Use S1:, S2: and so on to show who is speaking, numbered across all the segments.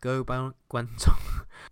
S1: 各位觀觀眾。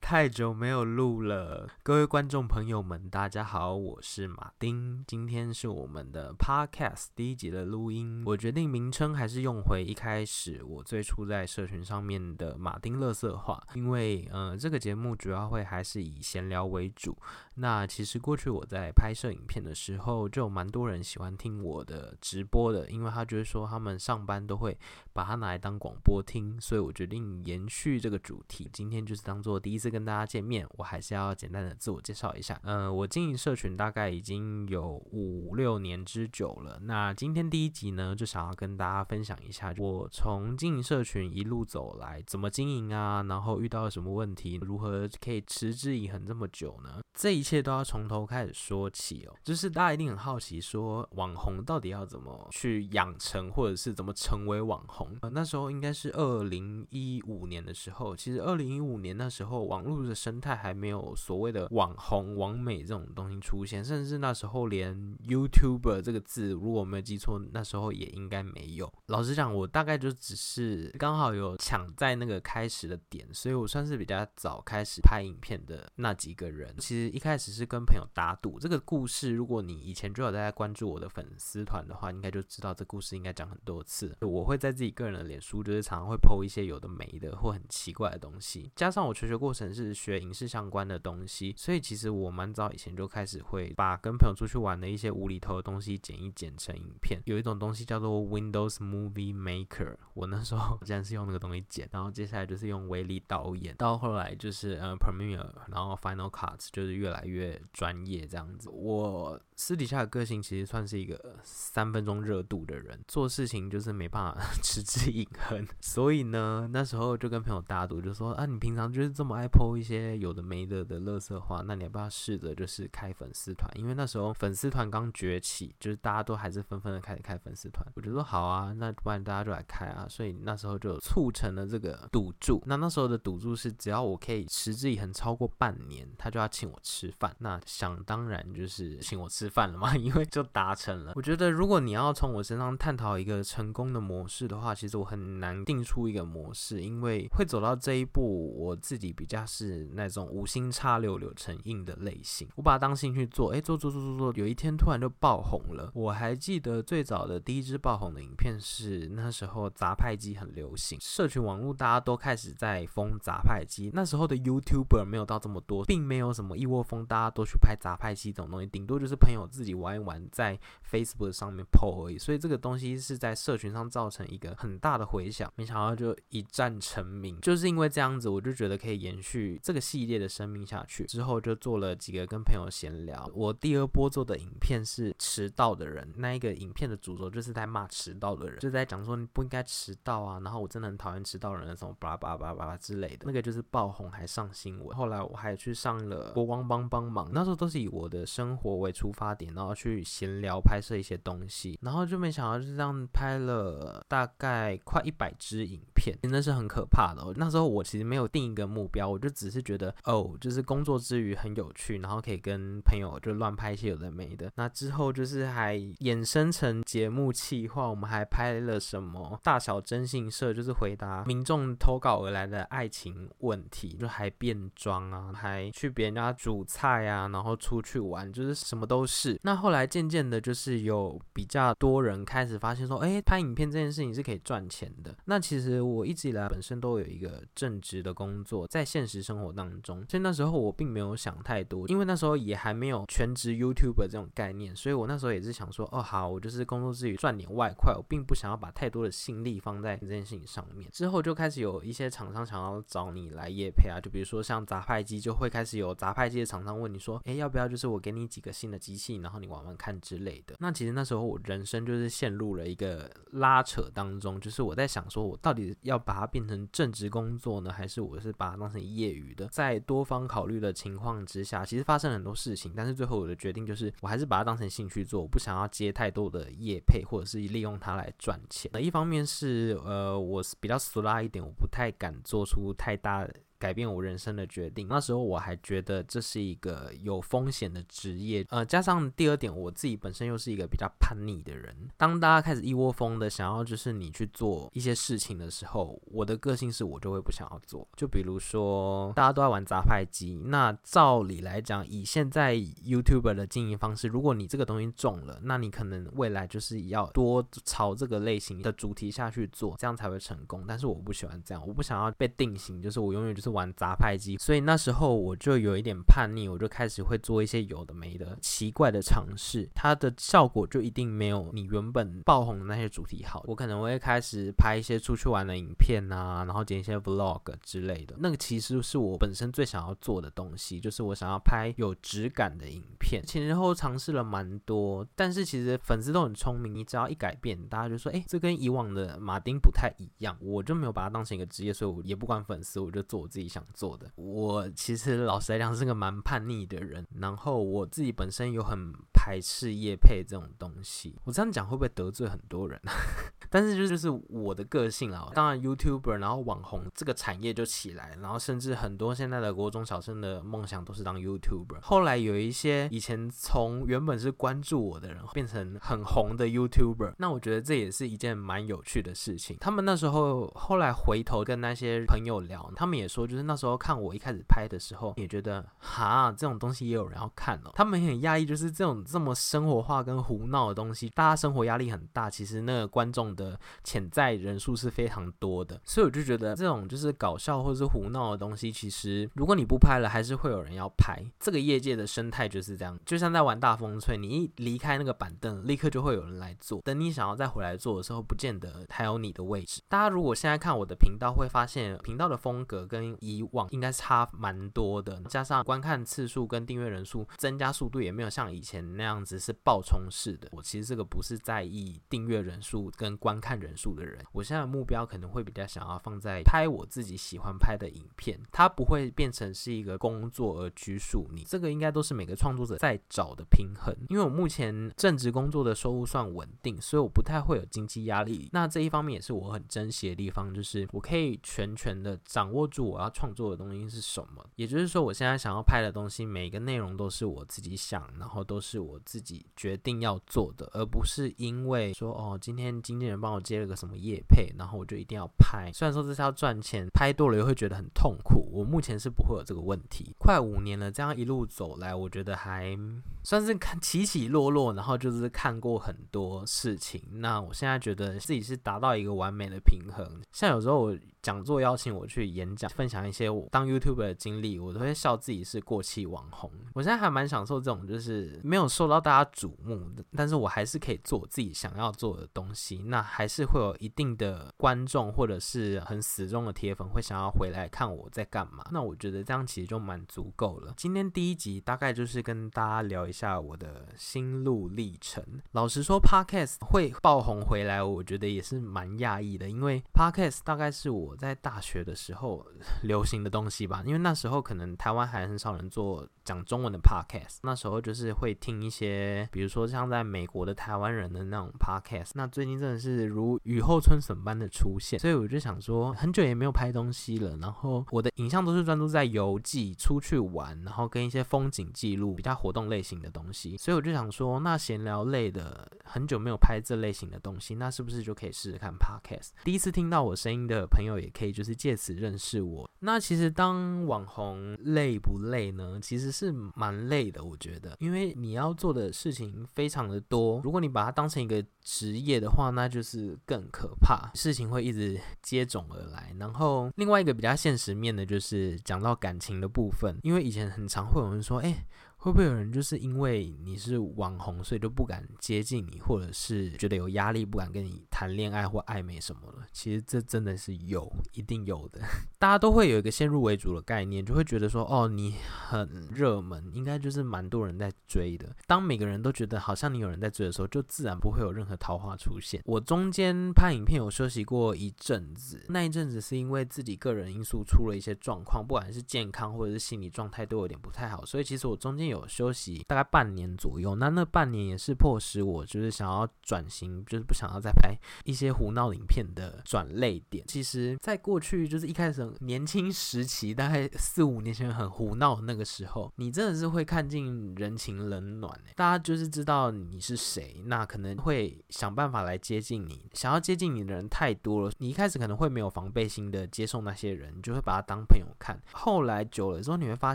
S1: 太久沒有錄了，各位觀眾朋友們，大家好，我是馬丁。今天是我們的 Podcast 第一集的錄音。我決定名稱還是用回一開始我最初在社群上面的“馬丁垃圾話”，因為呃，這個節目主要會還是以閒聊為主。那其實過去我在拍攝影片的時候，就蠻多人喜歡聽我的直播的，因為他覺得說他們上班都會把它拿來當廣播聽，所以我決定延續這個主題。今天就是當做第一次，跟大家見面，我還是要簡單的自我介紹一下。嗯、呃，我經營社群大概已經有五六年之久了。那今天第一集呢，就想要跟大家分享一下，我從經營社群一路走來，怎麼經營啊，然後遇到了什麼問題，如何可以持之以恆這麼久呢？這一切都要從頭開始說起哦，就是大家一定很好奇說，說網紅到底要怎麼去養成，或者是怎麼成為網紅？呃，那時候應該是二零一五年的時候，其實二零一五年那時候，網絡的生態還沒有所謂的網紅、網美這種東西出現，甚至那時候連 YouTuber 這個字，如果我沒有記錯，那時候也應該沒有。老實講，我大概就只是剛好有搶在那個開始的點，所以我算是比較早開始拍影片的那幾個人，其實。一開始是跟朋友打賭，這個故事，如果你以前就有在關注我的粉絲團的話，應該就知道這故事應該講很多次。我會在自己個人的臉書，就是常常會 Po 一些有的沒的或很奇怪的東西。加上我求學過程是學影視相關的東西，所以其實我蠻早以前就開始會把跟朋友出去玩的一些無厘頭的東西剪一剪成影片。有一種東西叫做 Windows Movie Maker，我那時候竟然是用那個東西剪，然後接下來就是用威力導演，到後來就是呃 Premiere，然後 Final Cut，就是。越來越專業這樣子，我私底下的個性其實算是一個三分鐘熱度的人，做事情就是沒辦法持之以恆。所以呢，那時候就跟朋友打賭，就說啊，你平常就是這麼愛 po 一些有的沒的的垃圾話，那你要不要試着就是開粉絲團？因為那時候粉絲團剛崛起，就是大家都還是紛紛的開始開粉絲團。我就說好啊，那不然大家就來開啊。所以那時候就促成了這個賭注。那那時候的賭注是，只要我可以持之以恆超過半年，他就要請我。吃飯，那想當然就是請我吃飯了嘛，因為就達成了。我覺得如果你要從我身上探討一個成功的模式的話，其實我很難定出一個模式，因為會走到這一步，我自己比較是那種無心插柳柳成蔭的類型。我把它當興趣做，哎，做做做做做，有一天突然就爆紅了。我還記得最早的第一支爆紅的影片是那時候雜牌機很流行，社群網路大家都開始在瘋雜牌機，那時候的 YouTuber 沒有到這麼多，並沒有什麼意外。過風，大家都去拍雜拍戲這種東西，頂多就是朋友自己玩一玩，在 Facebook 上面 po 而已。所以這個東西是在社群上造成一個很大的回響，沒想到就一戰成名。就是因為這樣子，我就覺得可以延續這個系列的生命下去。之後就做了幾個跟朋友閒聊。我第二波做的影片是遲到的人，那一個影片的主軸就是在罵遲到的人，就在講說你不應該遲到啊，然後我真的很討厭遲到的人那種巴拉巴拉之類的。那個就是爆紅，還上新聞。後來我還去上了國光。幫幫忙！那時候都是以我的生活為出發點，然後去閒聊拍攝一些東西，然後就沒想到就是這樣拍了大概快一百支影片，真的是很可怕的。那時候我其實沒有定一個目標，我就只是覺得哦，就是工作之餘很有趣，然後可以跟朋友就亂拍一些有的沒的。那之後就是還衍生成節目企劃，我們還拍了什麼大小徵信社，就是回答民眾投稿而來的愛情問題，就還變裝啊，還去別人家煮。煮菜呀、啊，然後出去玩，就是什麼都是。那後來漸漸的，就是有比較多人開始發現說，誒，拍影片這件事情是可以賺錢的。那其實我一直以來本身都有一個正職的工作，在現實生活當中，所以那時候我並沒有想太多，因為那時候也還沒有全職 YouTuber 這種概念，所以我那時候也是想說，哦，好，我就是工作之餘賺點外快，我並不想要把太多的心力放在這件事情上面。之後就開始有一些廠商想要找你來業配啊，就比如說像雜牌機，就會開始有雜牌機。常常問你說，誒，要不要就是我給你幾個新的機器，然後你玩玩看之類的？那其實那時候我人生就是陷入了一個拉扯當中，就是我在想，說我到底要把它變成正職工作呢，還是我是把它當成業餘的？在多方考慮的情況之下，其實發生了很多事情，但是最後我的決定就是，我還是把它當成興趣做，我不想要接太多的業配，或者是利用它來賺錢。那、呃、一方面是，呃，我是比較俗辣一點，我不太敢做出太大。改變我人生的決定，那時候我還覺得這是一個有風險的職業，呃，加上第二點，我自己本身又是一個比較叛逆的人。當大家開始一窩蜂的想要就是你去做一些事情的時候，我的個性是我就會不想要做。就比如說大家都在玩雜牌機，那照理來講，以現在 YouTuber 的經營方式，如果你這個東西中了，那你可能未來就是要多朝這個類型的主題下去做，這樣才會成功。但是我不喜歡這樣，我不想要被定型，就是我永遠就是。玩雜牌機，所以那時候我就有一點叛逆，我就開始會做一些有的沒的奇怪的嘗試。它的效果就一定沒有你原本爆紅的那些主題好。我可能會開始拍一些出去玩的影片啊，然後剪一些 Vlog 之類的。那個其實是我本身最想要做的東西，就是我想要拍有質感的影片。前前後嘗試了蠻多，但是其實粉絲都很聰明，你只要一改變，大家就說：“哎，這跟以往的馬丁不太一樣。”我就沒有把它當成一個職業，所以我也不管粉絲，我就做。自己想做的，我其實老實來講是個蠻叛逆的人，然後我自己本身有很還吃業配這種東西，我這樣講會不會得罪很多人？ 但是就是我的個性啊，當然 YouTuber，然後網紅這個產業就起來，然後甚至很多現在的國中小生的夢想都是當 YouTuber。後來有一些以前從原本是關注我的人變成很紅的 YouTuber，那我覺得這也是一件蠻有趣的事情。他們那時候後來回頭跟那些朋友聊，他們也說，就是那時候看我一開始拍的時候，也覺得哈，這種東西也有人要看哦。他們也很訝異，就是這種。那麼生活化跟胡鬧的東西，大家生活壓力很大，其實那個觀眾的潛在人數是非常多的，所以我就覺得這種就是搞笑或者是胡鬧的東西，其實如果你不拍了，還是會有人要拍。這個業界的生態就是這樣，就像在玩大風吹，你一離開那個板凳，立刻就會有人來坐。等你想要再回來坐的時候，不見得還有你的位置。大家如果現在看我的頻道，會發現頻道的風格跟以往應該差蠻多的，加上觀看次數跟訂閱人數增加速度也沒有像以前那樣。這樣子是爆衝式的。我其實這個不是在意訂閱人數跟觀看人數的人。我現在的目標可能會比較想要放在拍我自己喜歡拍的影片，它不會變成是一個工作而拘束你。這個應該都是每個創作者在找的平衡。因為我目前正職工作的收入算穩定，所以我不太會有經濟壓力。那這一方面也是我很珍惜的地方，就是我可以全權的掌握住我要創作的東西是什麼。也就是說，我現在想要拍的東西，每一個內容都是我自己想，然後都是我。我自己決定要做的，而不是因為說哦，今天經紀人幫我接了個什麼業配，然後我就一定要拍。雖然說這是要賺錢，拍多了又會覺得很痛苦。我目前是不會有這個問題。快五年了，這樣一路走來，我覺得還算是看起起落落，然後就是看過很多事情。那我現在覺得自己是達到一個完美的平衡，像有時候我。講座邀請我去演講，分享一些我當 YouTuber 的經歷，我都會笑自己是過氣網紅。我現在還蠻享受這種，就是沒有受到大家矚目的，但是我還是可以做我自己想要做的東西。那還是會有一定的觀眾或者是很死忠的鐵粉會想要回來看我在幹嘛。那我覺得這樣其實就蠻足夠了。今天第一集大概就是跟大家聊一下我的心路歷程。老實說，Podcast 會爆紅回來，我覺得也是蠻訝異的，因為 Podcast 大概是我。在大學的時候流行的東西吧，因為那時候可能台灣還很少人做講中文的 podcast。那時候就是會聽一些，比如說像在美國的台灣人的那種 podcast。那最近真的是如雨後春筍般的出現，所以我就想說，很久也沒有拍東西了。然後我的影像都是專注在遊記、出去玩，然後跟一些風景記錄、比較活動類型的東西。所以我就想說，那閒聊類的很久沒有拍這類型的東西，那是不是就可以試試看 podcast？第一次聽到我聲音的朋友也。也可以就是借此認識我。那其實當網紅累不累呢？其實是蠻累的，我覺得，因為你要做的事情非常的多。如果你把它當成一個職業的話，那就是更可怕，事情會一直接踵而來。然後另外一個比較現實面的，就是講到感情的部分，因為以前很常會有人說，誒、欸……會不會有人就是因為你是網紅，所以就不敢接近你，或者是覺得有壓力，不敢跟你談戀愛或曖昧什麼的？其實這真的是有一定有的， 大家都會有一個先入為主的概念，就會覺得說，哦，你很熱門，應該就是蠻多人在追的。當每個人都覺得好像你有人在追的時候，就自然不會有任何桃花出現。我中間拍影片有休息過一陣子，那一陣子是因為自己個人因素出了一些狀況，不管是健康或者是心理狀態都有點不太好，所以其實我中間。有休息大概半年左右，那那半年也是迫使我就是想要轉型，就是不想要再拍一些胡鬧影片的轉捩點。其實，在過去就是一開始年輕時期，大概四五年前很胡鬧那個時候，你真的是會看盡人情冷暖、欸、大家就是知道你是誰，那可能會想辦法來接近你，想要接近你的人太多了。你一開始可能會沒有防備心的接受那些人，就會把他當朋友看。後來久了之後，你會發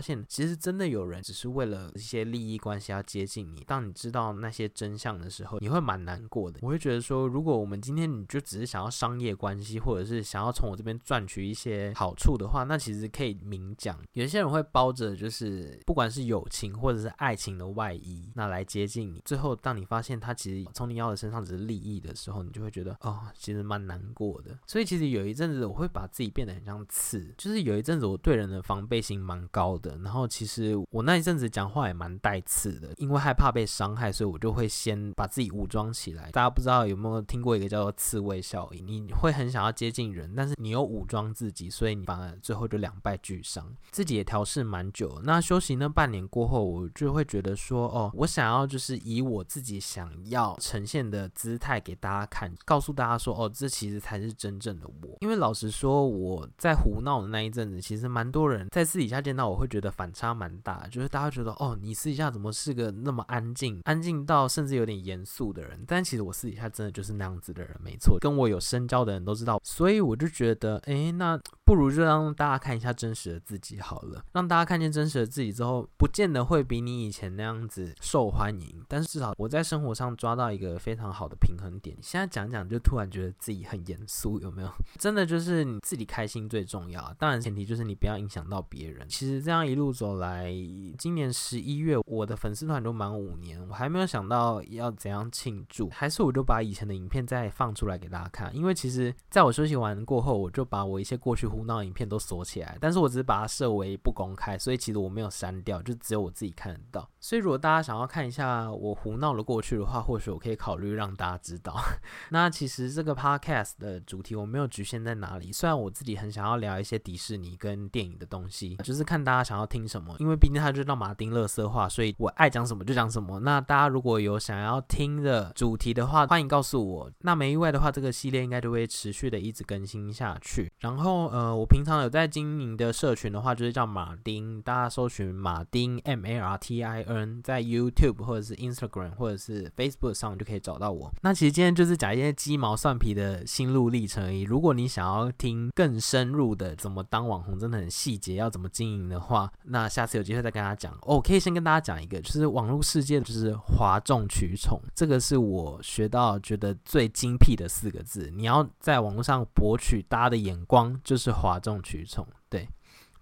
S1: 現，其實真的有人只是為了。一些利益關係要接近你，當你知道那些真相的時候，你會蠻難過的。我會覺得說，如果我們今天你就只是想要商業關係，或者是想要從我這邊賺取一些好處的話，那其實可以明講。有些人會包着就是不管是友情或者是愛情的外衣，那來接近你。最後，當你發現他其實從你要的身上只是利益的時候，你就會覺得哦，其實蠻難過的。所以其實有一陣子我會把自己變得很像刺，就是有一陣子我對人的防備心蠻高的。然後其實我那一陣子講。話也蠻帶刺的，因為害怕被傷害，所以我就會先把自己武裝起來。大家不知道有沒有聽過一個叫做“刺蝟效應”，你會很想要接近人，但是你又武裝自己，所以你反而最後就兩敗俱傷。自己也調試蠻久，那休息那半年過後，我就會覺得說，哦，我想要就是以我自己想要呈現的姿態給大家看，告訴大家說，哦，這其實才是真正的我。因為老實說，我在胡鬧的那一陣子，其實蠻多人在私底下見到我會覺得反差蠻大，就是大家覺得哦。哦，你私底下怎麼是個那麼安靜、安靜到甚至有點嚴肅的人？但其實我私底下真的就是那樣子的人，沒錯，跟我有深交的人都知道。所以我就覺得，哎，那不如就讓大家看一下真實的自己好了，讓大家看見真實的自己之後，不見得會比你以前那樣子受歡迎，但是至少我在生活上抓到一個非常好的平衡點。現在講講，就突然覺得自己很嚴肅，有沒有？真的就是你自己開心最重要，當然前提就是你不要影響到別人。其實這樣一路走來，今年是十一月，我的粉絲團都滿五年，我還沒有想到要怎樣慶祝，還是我就把以前的影片再放出來給大家看。因為其實，在我休息完過後，我就把我一些過去胡鬧的影片都鎖起來，但是我只是把它設為不公開，所以其實我沒有刪掉，就只有我自己看得到。所以如果大家想要看一下我胡鬧的過去的話，或許我可以考慮讓大家知道。 那其實這個 podcast 的主題我沒有侷限在哪裡，雖然我自己很想要聊一些迪士尼跟電影的東西，就是看大家想要聽什麼，因為畢竟它就是馬丁樂特色，色化，所以我愛講什麼就講什麼。那大家如果有想要聽的主題的話，歡迎告訴我。那沒意外的話，這個系列應該就會持續的一直更新下去。然後呃，我平常有在經營的社群的話，就是叫馬丁，大家搜尋馬丁 M A R T I N，在 YouTube 或者是 Instagram 或者是 Facebook 上就可以找到我。那其實今天就是講一些雞毛蒜皮的心路歷程而已。如果你想要聽更深入的，怎麼當網紅真的很細節，要怎麼經營的話，那下次有機會再跟大家講。OK。可以先跟大家講一個，就是網絡世界就是譁眾取寵，這個是我學到覺得最精闢的四個字。你要在網絡上博取大家的眼光，就是譁眾取寵。對，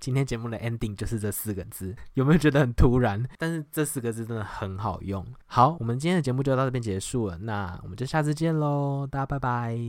S1: 今天節目的 ending 就是這四個字，有沒有覺得很突然？但是這四個字真的很好用。好，我們今天的節目就到這邊結束了，那我們就下次見嘍，大家拜拜。